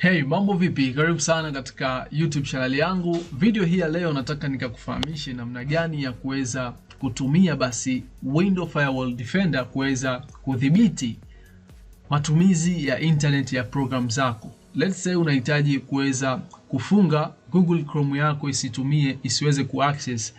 Hey, mambo vipi? Karibu sana katika YouTube channel yangu. Video hii ya leo nataka nikakufahamishe namna gani ya kuweza kutumia basi Windows Firewall Defender kuweza kudhibiti matumizi ya internet ya program zako. Let's say unahitaji kuweza kufunga Google Chrome yako isitumie isiweze kuaccess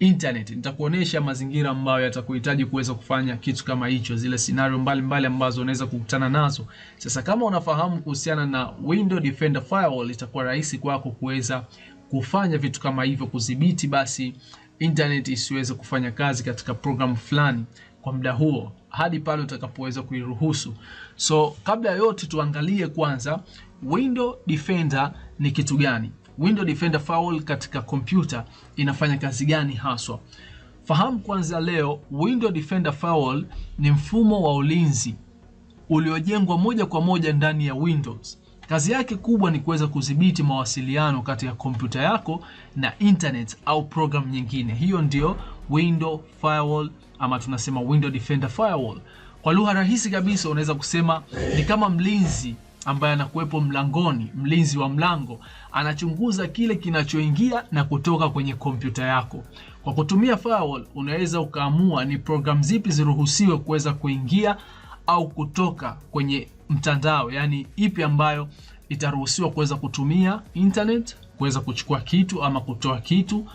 internet. Nitakuonesha mazingira ambayo yatakuhitaji kuweza kufanya kitu kama hicho, zile scenario mbalimbali ambazo unaweza kukutana nazo. Sasa kama unafahamu kuhusiana na Windows Defender Firewall, itakuwa rahisi kwako kuweza kufanya vitu kama hivyo, kudhibiti basi internet isiweze kufanya kazi katika programu fulani kwa muda huo hadi pale utakapoweza kuiruhusu. So kabla ya yote, tuangalie kwanza Windows Defender ni kitu gani. Window Defender Firewall katika kompyuta inafanya kazi gani haswa? Fahamu kwanza leo, Window Defender Firewall ni mfumo wa ulinzi uliojengwa moja kwa moja ndani ya Windows. Kazi yake kubwa ni kuweza kudhibiti mawasiliano kati ya kompyuta yako na internet au program nyingine. Hiyo ndiyo Window Firewall ama tunasema Window Defender Firewall. Kwa lugha rahisi kabisa, unaweza kusema ni kama mlinzi ambaye anakuwepo mlangoni, mlinzi wa mlango, anachunguza kile kinachoingia na kutoka kwenye kompyuta yako. Kwa kutumia firewall, unaweza ukaamua ni programu zipi ziruhusiwe kuweza kuingia au kutoka kwenye mtandao, yaani ipi ambayo itaruhusiwa kuweza kutumia internet kuweza kuchukua kitu ama kutoa kitu.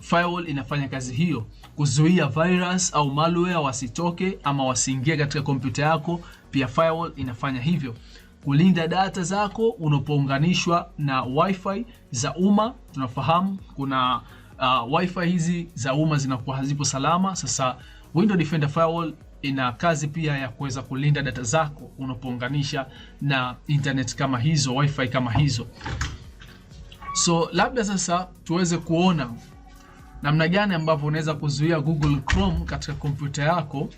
Firewall inafanya kazi hiyo kuzuia virus au malware wasitoke ama wasiingie katika kompyuta yako. Pia firewall inafanya hivyo kulinda data zako unapounganishwa na wifi za umma. Tunafahamu kuna uh, wifi hizi za umma zinakuwa hazipo salama. Sasa Window Defender Firewall ina kazi pia ya kuweza kulinda data zako unapounganisha na internet kama hizo, wifi kama hizo. So labda sasa tuweze kuona namna gani ambavyo unaweza kuzuia Google Chrome katika kompyuta yako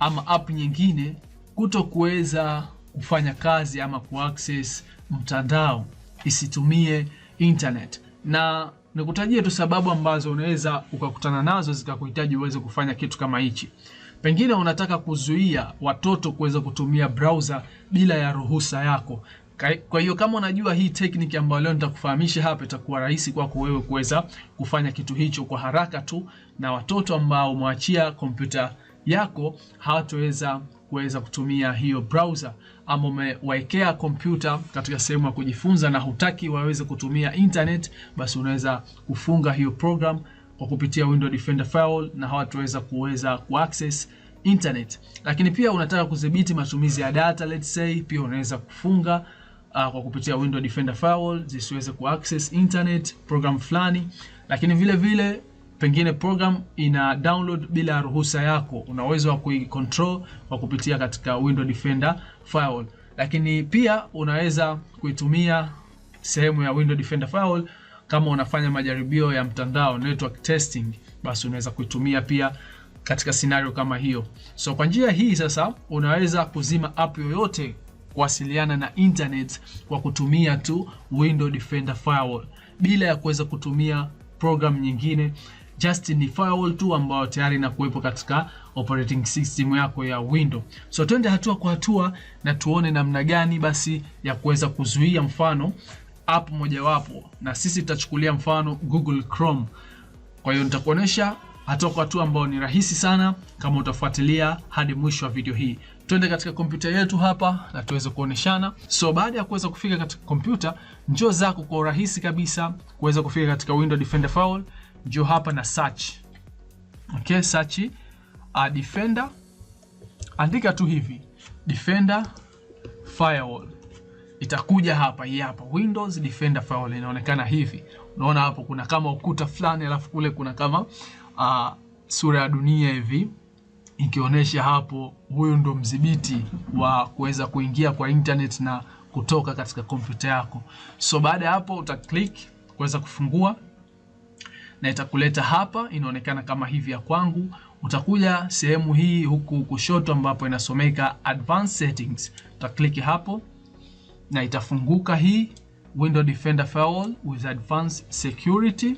ama app nyingine kuto kuweza kufanya kazi ama kuaccess mtandao, isitumie internet. Na nikutajie tu sababu ambazo unaweza ukakutana nazo zikakuhitaji uweze kufanya kitu kama hichi. Pengine unataka kuzuia watoto kuweza kutumia browser bila ya ruhusa yako. Kwa hiyo kama unajua hii technique ambayo leo nitakufahamisha hapa, itakuwa rahisi kwako wewe kuweza kufanya kitu hicho kwa haraka tu, na watoto ambao mwachia kompyuta yako hawataweza kuweza kutumia hiyo browser ama umewaekea kompyuta katika sehemu ya kujifunza na hutaki waweze kutumia internet, basi unaweza kufunga hiyo program kwa kupitia Windows Defender Firewall na hawataweza kuweza kuaccess internet. Lakini pia unataka kudhibiti matumizi ya data let's say, pia unaweza kufunga uh, kwa kupitia Windows Defender Firewall zisiweze kuaccess internet program fulani, lakini vile vile pengine program ina download bila ruhusa yako, una uwezo wa kuicontrol kwa kupitia katika Window Defender firewall, lakini pia unaweza kuitumia sehemu ya Window Defender firewall kama unafanya majaribio ya mtandao network testing, basi unaweza kuitumia pia katika scenario kama hiyo. So kwa njia hii sasa unaweza kuzima app yoyote kuwasiliana na internet kwa kutumia tu Window Defender firewall bila ya kuweza kutumia program nyingine just ni firewall tu ambayo tayari inakuwepo katika operating system yako ya Windows. So twende hatua kwa hatua na tuone namna gani basi ya kuweza kuzuia mfano app mojawapo, na sisi tutachukulia mfano Google Chrome. Kwa hiyo nitakuonesha hatua kwa hatua ambayo ni rahisi sana kama utafuatilia hadi mwisho wa video hii. Twende katika kompyuta yetu hapa na tuweze kuoneshana. So baada ya kuweza kufika katika kompyuta, njoo zako kwa urahisi kabisa kuweza kufika katika Windows Defender Firewall njo hapa na search. Okay, search a uh, defender, andika tu hivi defender firewall itakuja hapa. Hii hapa Windows Defender Firewall inaonekana hivi. Unaona hapo kuna kama ukuta fulani, alafu kule kuna kama uh, sura ya dunia hivi ikionyesha hapo, huyo ndo mdhibiti wa kuweza kuingia kwa internet na kutoka katika kompyuta yako. So baada ya hapo uta click kuweza kufungua na itakuleta hapa, inaonekana kama hivi ya kwangu. Utakuja sehemu hii huku kushoto, ambapo inasomeka advanced settings, utakliki hapo na itafunguka hii Windows Defender Firewall with advanced security.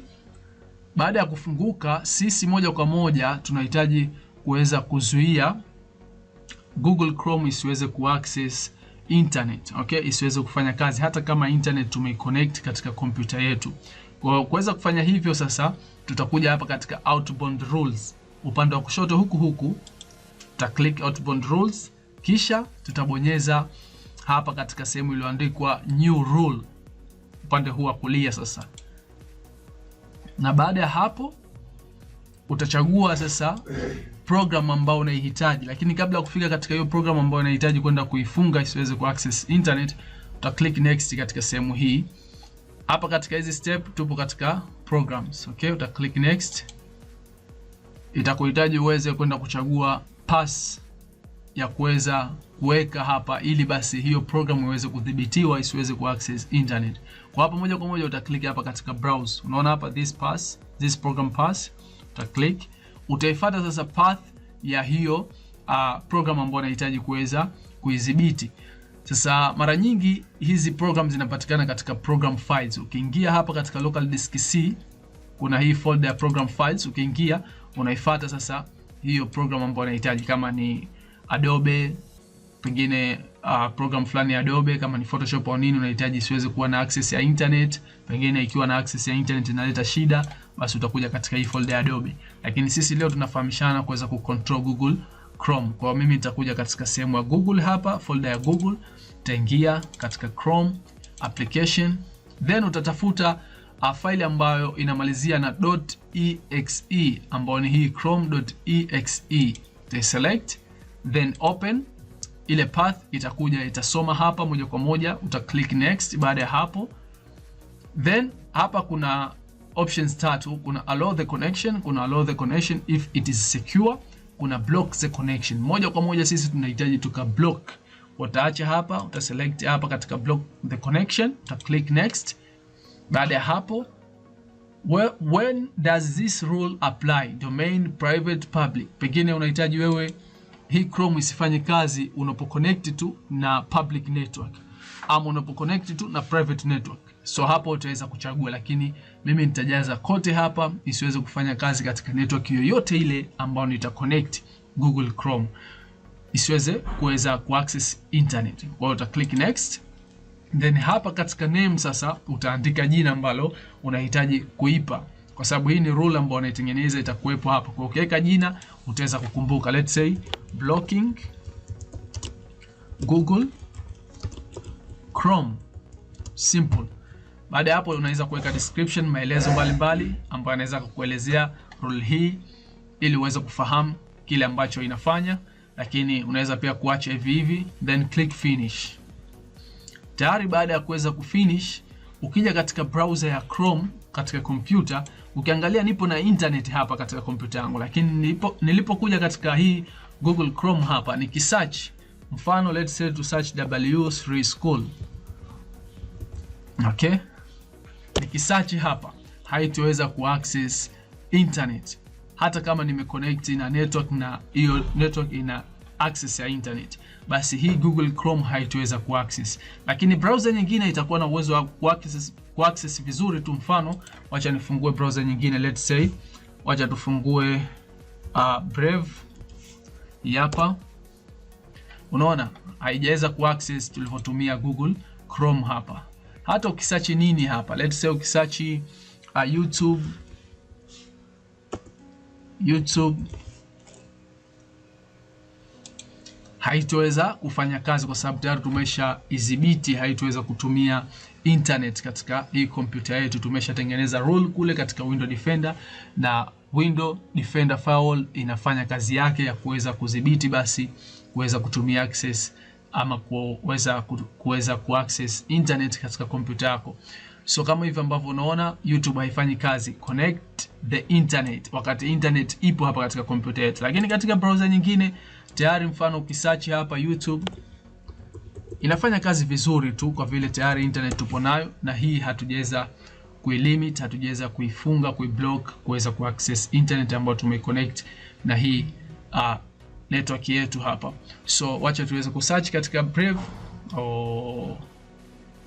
Baada ya kufunguka, sisi moja kwa moja tunahitaji kuweza kuzuia Google Chrome isiweze kuaccess internet, okay, isiweze kufanya kazi hata kama internet tumeiconnect katika kompyuta yetu. Kwa kuweza kufanya hivyo sasa, tutakuja hapa katika outbound rules upande wa kushoto huku huku, tuta click outbound rules, kisha tutabonyeza hapa katika sehemu iliyoandikwa new rule upande huu wa kulia sasa, na baada ya hapo utachagua sasa program ambayo unaihitaji, lakini kabla ya kufika katika hiyo program ambayo unahitaji kwenda kuifunga isiweze ku access internet, uta click next katika sehemu hii. Hapa katika hizi step tupo katika programs. Okay, uta click next. Itakuhitaji uweze kwenda kuchagua pass ya kuweza kuweka hapa ili basi hiyo program iweze kudhibitiwa isiweze ku access internet. Kwa hapa moja kwa moja uta click hapa katika browse. Unaona hapa this pass, this program pass, uta click. Utaifuata sasa path ya hiyo uh, program ambayo unahitaji kuweza kuidhibiti. Sasa mara nyingi hizi program zinapatikana katika program files. Ukiingia hapa katika local disk C kuna hii folder ya program files, ukiingia unaifuata sasa hiyo program ambayo unahitaji, kama ni Adobe pengine uh, program fulani ya Adobe kama ni Photoshop au nini, unahitaji siweze kuwa na access ya internet. Pengine ikiwa na access ya internet inaleta shida, basi utakuja katika hii folder ya Adobe. Lakini sisi leo tunafahamishana kuweza kucontrol Google Chrome. Kwa mimi nitakuja katika sehemu ya Google hapa, folder ya Google utaingia katika Chrome application, then utatafuta faili ambayo inamalizia na .exe ambayo ni hii chrome.exe. Select then open, ile path itakuja itasoma hapa moja kwa moja, uta click next. Baada ya hapo, then hapa kuna options tatu, kuna allow the connection, kuna allow the connection if it is secure, kuna block the connection. Moja kwa moja sisi tunahitaji tuka block utaacha hapa, utaselect hapa katika block the connection, uta click next. Baada ya hapo Well, when does this rule apply? Domain private public. Pengine unahitaji wewe hii Chrome isifanye kazi unapoconnect tu na public network ama unapoconnect tu na private network. So hapo utaweza kuchagua, lakini mimi nitajaza kote hapa isiweze kufanya kazi katika network yoyote ile ambayo nitaconnect Google Chrome isiweze kuweza kuaccess internet. Kwa hiyo uta click next, then hapa katika name sasa utaandika jina ambalo unahitaji kuipa, kwa sababu hii ni rule ambayo wanaitengeneza itakuwepo hapa. Kwa ukiweka jina utaweza kukumbuka, let's say blocking Google Chrome simple. Baada ya hapo unaweza kuweka description, maelezo mbalimbali ambayo anaweza kukuelezea rule hii ili uweze kufahamu kile ambacho inafanya lakini unaweza pia kuacha hivi hivi, then click finish. Tayari baada ya kuweza kufinish, ukija katika browser ya Chrome katika kompyuta, ukiangalia nipo na internet hapa katika kompyuta yangu, lakini nilipo nilipokuja katika hii Google Chrome hapa nikisearch, mfano let's say to search W3 School, okay, nikisearch hapa haitoweza kuaccess internet hata kama nimeconnect na network na hiyo network ina access ya internet, basi hii Google Chrome haitoweza kuaccess, lakini browser nyingine itakuwa na uwezo wa kuaccess kuaccess vizuri tu. Mfano, wacha nifungue browser nyingine, let's say, wacha tufungue uh, Brave hapa. Unaona haijaweza kuaccess tulivyotumia Google Chrome hapa. Hata ukisearch nini hapa, let's say ukisearch uh, YouTube YouTube haitoweza kufanya kazi kwa sababu tayari tumesha idhibiti, haitoweza kutumia internet katika hii kompyuta yetu. Tumeshatengeneza rule kule katika window defender, na window defender firewall inafanya kazi yake ya kuweza kudhibiti basi kuweza kutumia access ama kuweza kuweza kuaccess internet katika kompyuta yako. So kama hivi ambavyo unaona YouTube haifanyi kazi connect the internet, wakati internet ipo hapa katika kompyuta yetu, lakini katika browser nyingine tayari, mfano ukisearch hapa YouTube inafanya kazi vizuri tu, kwa vile tayari internet tupo nayo, na hii hatujaweza kuilimit, hatujaweza kuifunga, kuiblock, kuweza kuaccess internet ambayo tumeconnect na hii uh, network yetu hapa. So wacha tuweze kusearch katika Brave oh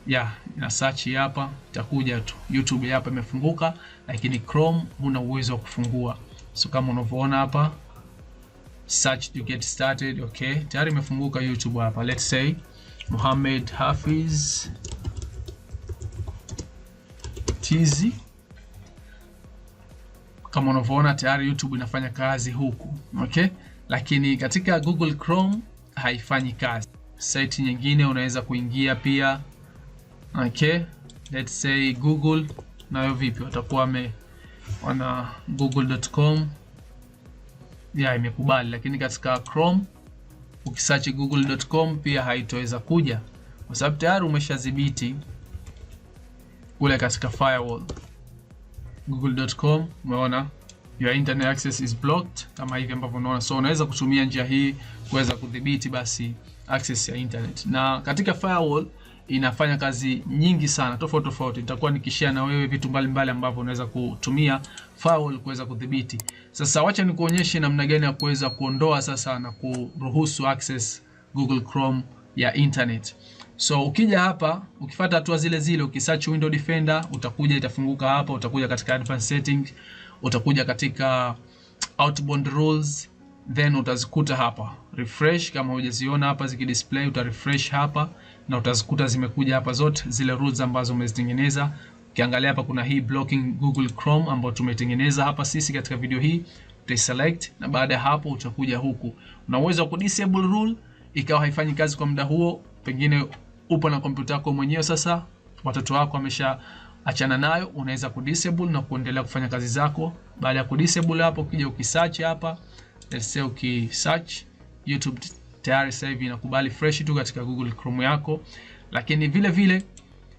ya na search hapa itakuja tu. YouTube hapa imefunguka, lakini Chrome huna uwezo wa kufungua. So kama unavyoona hapa search to get started, okay, tayari imefunguka YouTube hapa. Let's say Muhammad Hafiz TZ. Kama unavyoona tayari YouTube inafanya kazi huku, okay, lakini katika Google Chrome haifanyi kazi. Site nyingine unaweza kuingia pia okay let's say google nayo vipi watakuwa wame wana google.com ya imekubali lakini katika chrome ukisearch google.com pia haitoweza kuja kwa sababu tayari umeshadhibiti kule katika firewall google.com umeona your internet access is blocked kama hivi ambavyo unaona so unaweza kutumia njia hii kuweza kudhibiti basi access ya internet na katika firewall inafanya kazi nyingi sana tofauti tofauti. Nitakuwa nikishare na wewe vitu mbalimbali ambavyo unaweza kutumia faul kuweza kudhibiti. Sasa wacha nikuonyeshe namna gani ya kuweza kuondoa sasa na kuruhusu access Google Chrome ya internet. So ukija hapa ukifuata hatua zile zile, ukisearch Window Defender utakuja, itafunguka hapa. Utakuja katika advanced setting, utakuja katika outbound rules, then utazikuta hapa refresh. Kama hujaziona hapa ziki display, uta refresh hapa na utazikuta zimekuja hapa zote zile rules ambazo umezitengeneza. Ukiangalia hapa kuna hii blocking Google Chrome ambayo tumetengeneza hapa sisi katika video hii, utaselect na baada ya hapo utakuja huku, una uwezo wa kudisable rule ikawa haifanyi kazi kwa muda huo, pengine upo na kompyuta yako mwenyewe, sasa watoto wako wamesha achana nayo, unaweza kudisable na kuendelea kufanya kazi zako. Baada ya kudisable hapo, ukija ukisearch hapa, let's say ukisearch YouTube tayari sasa hivi inakubali fresh tu katika Google Chrome yako, lakini vile vile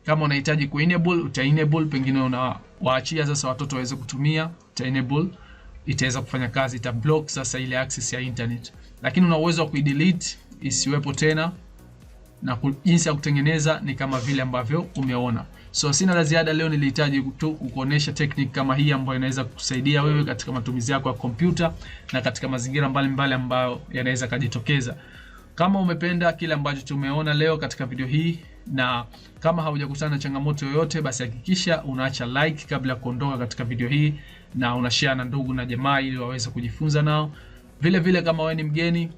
kama unahitaji ku enable uta enable, pengine unawaachia sasa watoto waweze kutumia, uta enable itaweza kufanya kazi, ita block sasa ile access ya internet, lakini una uwezo wa delete isiwepo tena, na jinsi ya kutengeneza ni kama vile ambavyo umeona. So sina la ziada leo, nilihitaji tu kukuonesha technique kama hii ambayo inaweza kukusaidia wewe katika matumizi yako ya kompyuta na katika mazingira mbalimbali ambayo yanaweza kujitokeza. Kama umependa kile ambacho tumeona leo katika video hii na kama haujakutana na changamoto yoyote, basi hakikisha unaacha like kabla ya kuondoka katika video hii na unashare na ndugu na jamaa ili waweze kujifunza nao. Vile vile, kama wewe ni mgeni,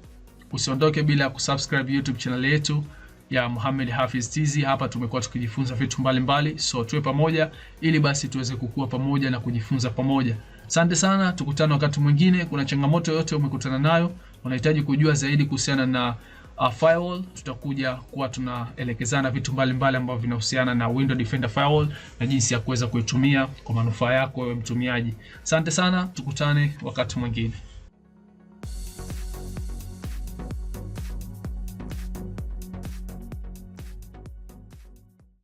usiondoke bila kusubscribe YouTube channel yetu ya Muhammad Hafiz Tizi. Hapa tumekuwa tukijifunza vitu mbalimbali, so tuwe pamoja ili basi tuweze kukua pamoja na kujifunza pamoja. Asante sana, tukutane wakati mwingine. Kuna changamoto yote umekutana nayo, unahitaji kujua zaidi kuhusiana na uh, firewall, tutakuja kuwa tunaelekezana vitu mbalimbali ambavyo vinahusiana na Windows Defender Firewall na jinsi ya kuweza kuitumia kwa manufaa yako wewe mtumiaji. Asante sana, tukutane wakati mwingine.